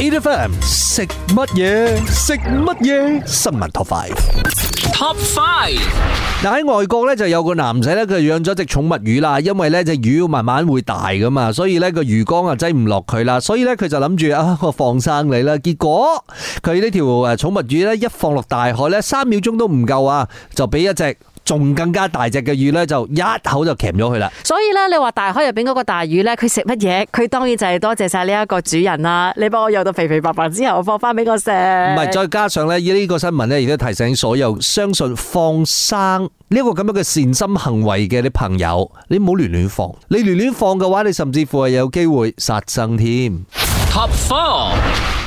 Inter FM 食乜嘢？食乜嘢？新聞 Top Five。Top Five。嗱，喺外國咧就有個男仔咧，佢養咗隻寵物魚啦。因為咧隻魚慢慢會大噶嘛，所以咧個魚缸啊擠唔落佢啦。所以咧佢就諗住啊，我放生你啦。結果佢呢條誒寵物魚咧一放落大海咧，三秒鐘都唔夠啊，就俾一隻。仲更加大隻嘅魚呢，就一口就鉗咗佢啦。所以呢，你話大海入邊嗰個大魚呢，佢食乜嘢？佢當然就係多謝晒呢一個主人啦。你幫我養到肥肥白白之後，放翻俾我食。唔係，再加上咧呢個新聞呢，亦都提醒所有相信放生呢個咁樣嘅善心行為嘅啲朋友，你唔好亂亂放。你亂亂放嘅話，你甚至乎係有機會殺生添。Top four。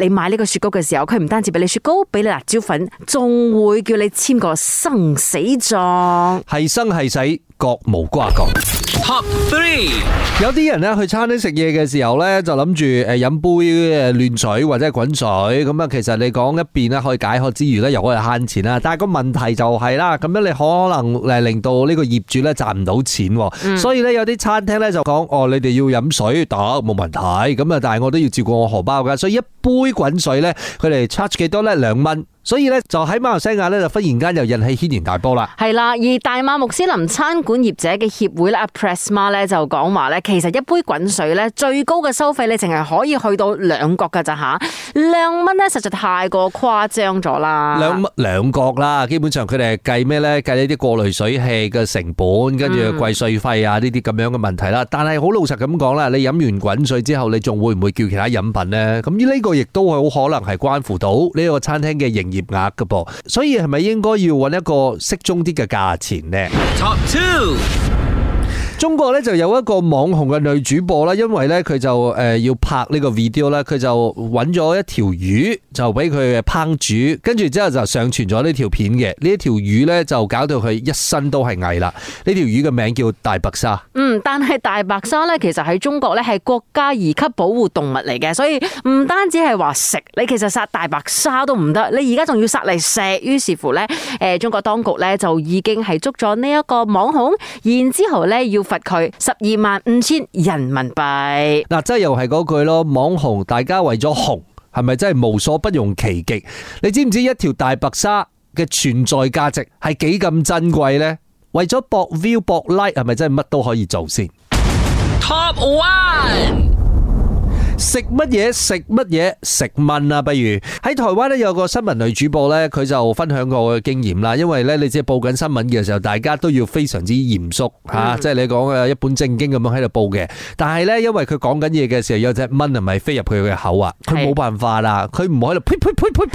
你買呢個雪糕嘅時候，佢唔單止俾你雪糕，俾你辣椒粉，仲會叫你簽個生死狀，係生係死。各無瓜葛 Top three 有啲人咧去餐廳食嘢嘅時候咧，就諗住誒飲杯誒暖水或者係滾水咁啊。其實你講一邊咧可以解渴之餘咧，又可以慳錢啦。但係個問題就係、是、啦，咁樣你可能誒令到呢個業主咧賺唔到錢，所以咧有啲餐廳咧就講哦，你哋要飲水得冇問題，咁啊，但係我都要照顧我荷包噶，所以一杯滾水咧，佢哋 charge 幾多咧兩蚊。所以咧，就喺馬來西亞咧，就忽然間又引起軒然大波啦。係啦，而大馬穆斯林餐館業者嘅協會咧，阿 Presma 咧就講話咧，其實一杯滾水咧，最高嘅收費你淨係可以去到兩角噶咋吓，兩蚊咧實在太過誇張咗啦。兩蚊兩角啦，基本上佢哋係計咩咧？計呢啲過濾水器嘅成本，跟住貴稅費啊呢啲咁樣嘅問題啦。但係好老實咁講啦，你飲完滾水之後，你仲會唔會叫其他飲品咧？咁呢個亦都係好可能係關乎到呢個餐廳嘅營。業額噃，所以係咪應該要揾一個適中啲嘅價錢呢？Top two 中國咧就有一個網紅嘅女主播啦，因為咧佢就誒要拍呢個 video 啦，佢就揾咗一條魚就俾佢烹煮，跟住之後就上傳咗呢條片嘅。呢條魚咧就搞到佢一身都係蟻啦。呢條魚嘅名叫大白鯊。嗯，但係大白鯊咧，其實喺中國咧係國家二級保護動物嚟嘅，所以唔單止係話食，你其實殺大白鯊都唔得，你而家仲要殺嚟食。於是乎咧，誒，中國當局咧就已經係捉咗呢一個網紅，然之後咧要。罰佢十二萬五千人民幣。嗱、啊，真係又係嗰句咯，網紅大家為咗紅，係咪真係無所不用其極？你知唔知一條大白鯊嘅存在價值係幾咁珍貴呢？為咗博 view、博 like，係咪真係乜都可以做先？Top one。食乜嘢？食乜嘢？食蚊啊！不如喺台灣咧有個新聞類主播咧，佢就分享過我嘅經驗啦。因為咧，你知報緊新聞嘅時候，大家都要非常之嚴肅吓，即係你講嘅一本正經咁樣喺度報嘅。但係咧，因為佢講緊嘢嘅時候，有隻蚊係咪飛入佢嘅口啊？佢冇辦法啦，佢唔喺度呸呸呸呸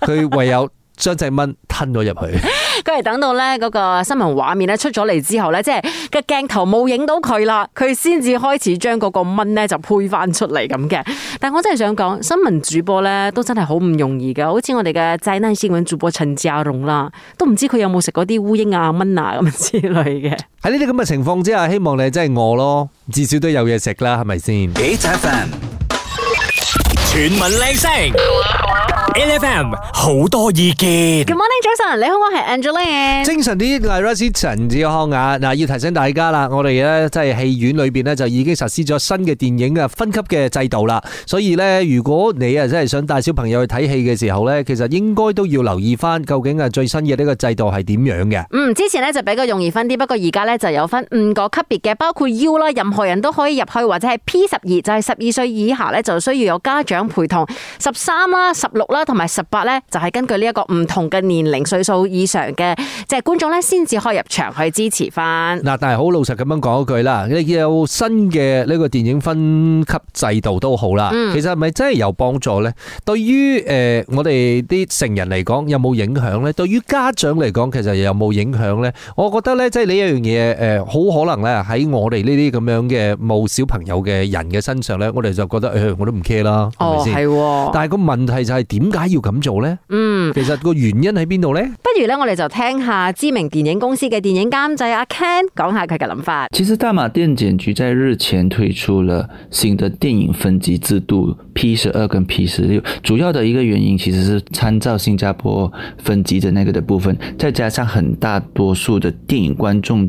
呸，佢 唯有。將隻蚊吞咗入去，跟住等到咧嗰個新聞畫面咧出咗嚟之後咧，即係個鏡頭冇影到佢啦，佢先至開始將嗰個蚊咧就配翻出嚟咁嘅。但我真係想講，新聞主播咧都真係好唔容易噶，好似我哋嘅濟南新聞主播陳志龍啦，都唔知佢有冇食嗰啲烏蠅啊、蚊啊咁、啊、之類嘅。喺呢啲咁嘅情況之下，希望你真係餓咯，至少都有嘢食啦，係咪先？AI FM 全民靚聲。L.F.M. 好多意見。你好，我係 Angeline 精神啲，陳志康啊。嗱，要提醒大家啦，我哋咧即係戲院裏邊咧就已經實施咗新嘅電影嘅分級嘅制度啦。所以咧，如果你啊真係想帶小朋友去睇戲嘅時候咧，其實應該都要留意返究竟啊最新嘅呢個制度係點樣嘅。嗯，之前咧就比較容易分啲，不過而家咧就有分五個級別嘅，包括 U 啦，任何人都可以入去，或者係 P 十二就係十二歲以下咧就需要有家長陪同。十三啦、十六啦同埋十八咧就係根據呢一個唔同嘅年齡。歲數以上嘅即係觀眾咧，先至可以入場去支持翻。嗱，但係好老實咁樣講一句啦，你有新嘅呢個電影分級制度都好啦。其實係咪真係有幫助咧？對於誒我哋啲成人嚟講，有冇影響咧？對於家長嚟講，其實又有冇影響咧？我覺得咧，即係呢樣嘢誒，好可能咧喺我哋呢啲咁樣嘅冇小朋友嘅人嘅身上咧，我哋就覺得誒，我都唔 care 啦。哦，係。但係個問題就係點解要咁做咧？嗯，其實個原因喺邊？不如咧，我哋就聽下知名電影公司嘅電影監製阿 Ken 講下佢嘅諗法。其實大馬電檢局在日前推出了新的電影分級制度 P 十二跟 P 十六，主要的一個原因其實是參照新加坡分級的那個的部分，再加上很大多數的電影觀眾。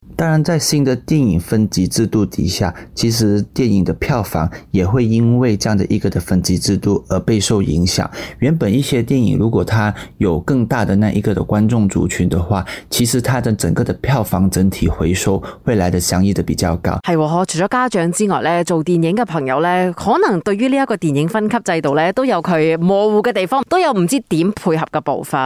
當然，在新的電影分級制度底下，其實電影的票房也會因為這樣的一個的分級制度而備受影響。原本一些電影如果它有更大的那一個的觀眾族群的話，其實它的整個的票房整體回收會來的相應的比較高。係，除咗家長之外呢，做電影嘅朋友呢，可能對於呢一個電影分級制度呢，都有佢模糊嘅地方，都有唔知點配合嘅部分。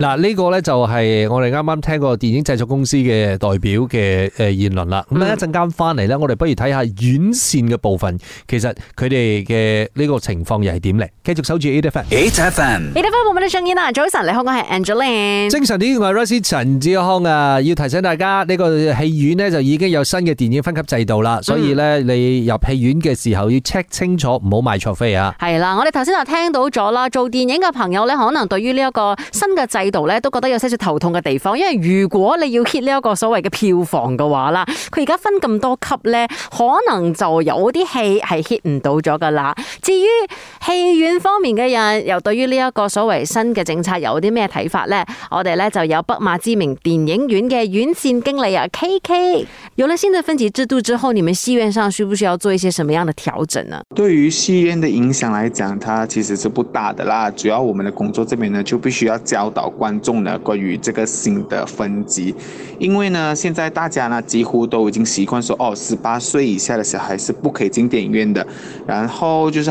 嗱，呢個呢，就係我哋啱啱聽過電影製作公司嘅代表嘅。誒誒言論啦，咁一陣間翻嚟咧，我哋不如睇下院線嘅部分。其實佢哋嘅呢個情況又係點嚟？繼續守住 ATF，ATF，ATF 部門嘅張燕啊，早晨，你好，我係 Angeline。精神啲，我係 Russie 陳志康啊，要提醒大家呢、呢個戲院呢，就已經有新嘅電影分級制度啦，所以咧你入戲院嘅時候要 check 清楚，唔好買錯飛啊。係、嗯、啦，我哋頭先就聽到咗啦，做電影嘅朋友咧，可能對於呢一個新嘅制度咧，都覺得有少少頭痛嘅地方，因為如果你要 hit 呢一個所謂嘅票房。嘅話啦，佢而家分咁多級咧，可能就有啲戲係 hit 唔到咗㗎喇。至於戲院方面嘅人，又對於呢一個所謂新嘅政策有啲咩睇法呢？我哋咧就有北馬知名電影院嘅院線經理啊，KK。有了新的分級制度之後，你們戲院上需不需要做一些什麼樣的調整呢？對於戲院的影響來講，它其實是不大的啦。主要我們的工作這邊呢，就必須要教導觀眾呢關於這個新的分級，因為呢現在大家呢幾乎都已經習慣說，哦十八歲以下的小孩是不可以進電影院的，然後就是。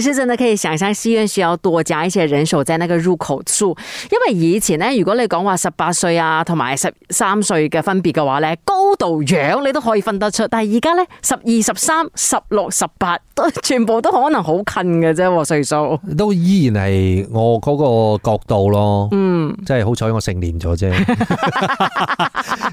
其實真的可以想象，戲院需要多加一些人手，即係呢個入口處。因為以前咧，如果你講話十八歲啊，同埋十三歲嘅分別嘅話咧，高度樣你都可以分得出但現在。但係而家咧，十二、十三、十六、十八都全部都可能好近嘅啫，歲數都依然係我嗰個角度咯。嗯，真係好彩我成年咗啫。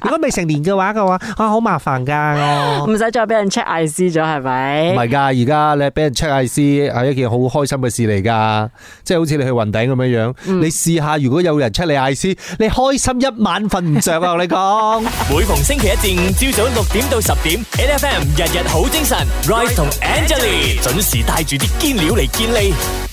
如果未成年嘅話嘅話啊，好麻煩噶，唔使再俾人 check I C 咗係咪？唔係噶，而家你俾人 check I C 件好開心嘅事嚟噶，即係好似你去雲頂咁樣樣，嗯、你試下如果有人出你艾斯，你開心一晚瞓唔着啊！ 我同你講， 每逢星期一至五朝早六點到十點，N F M 日日好精神 ，Rise 同和 Angelie 準時帶住啲堅料嚟見你。